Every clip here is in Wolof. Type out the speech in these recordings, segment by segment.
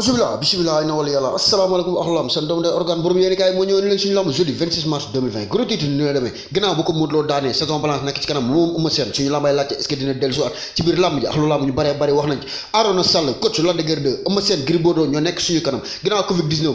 asubila bisimilah ina wala yàlla asalaamaaleykum axlaam seen doom day organe borom yéen kaay moo ñëw ni leen suñu lamb jeudi mars 2020 gros titre ni demee ginnaaw bu ko Modou Lo daanee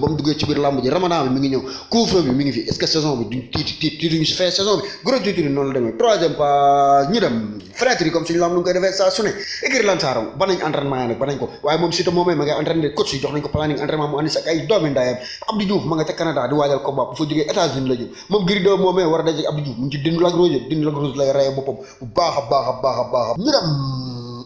ba mu duggee ci biir lamb ji ramadan bi mi ngi ñëw couvre-feu bi mi ngi fi est-ce que saison bi duñ tiit tiit noonu la demee troisième pas ñu dem frère comme suñu lamb lu ngi koy defee saa su ne écurie Lansarong ba nañ entraînement nag ba nañ ko waaye moom coach jox nañ ko planning entraînement mu andi sa ay doomi ndaayam Abdou Diouf ma nga Canada di waajal combat bu fa États-Unis la jëm moom Gris 2 moomee war a daje Abdou Diouf mu ngi ci dindi Lac Rose dindi Lac lay rayee boppam bu baax a baax a baax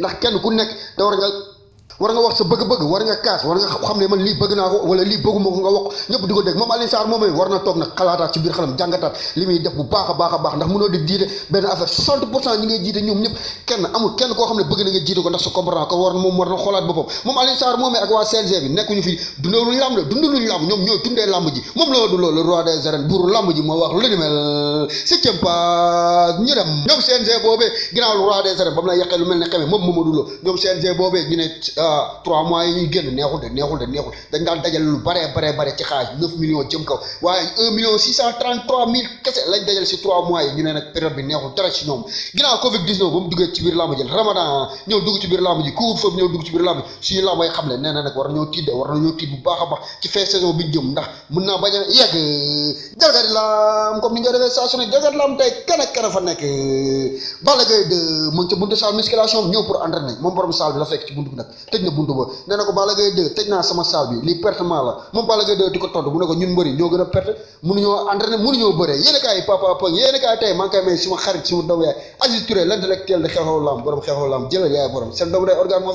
ndax kenn ku nekk te war nga war nga wax sa bëgg-bëgg war nga kaas war nga xam ne man lii bëgg naa ko wala lii bëgguma ko nga wax ñëpp di ko dégg moom Alioune Sarr moomee na toog nag xalaataat ci biir xelam jàngataat a a baax ndax mënoo kenn koo xam ne bëgg na nga jiite ko ndax sa comprendre ko war moom war na xoolaat boppam moom ak waa CNG bi nekkuñu fi dundaluñ làmb la dundaluñ làmb ñoom ñooy dundee làmb ji moom loolu roi des arènes buuru làmb ji moo wax lu ni septième si euh, trois ñu ne nag période bi neexul dara war nañoo tiit de bu baax a baax ci fin saison naa bañ a yegg jalgati laam comme ni nga defee saa musculation jagat la am tey kan fa nekk Balla Gaye de mu buntu salle musculation bi pour entraîner moom borom salle bi la fekk ci buntu bi nag tëj na buntu ba nee na ko Balla Gaye de tëj naa sama mu ne ko ñun mbëri ñoo gën a perte mënuñoo entraîner mënuñoo bëree yéen a kaay papa pëng yéen a kaay tey maa ngi koy may suma xarit suma doom yaay Aziz Touré l'intellectuel de xeexoo lam borom xeexoo lam jëlal yaay borom seen doom day organe moo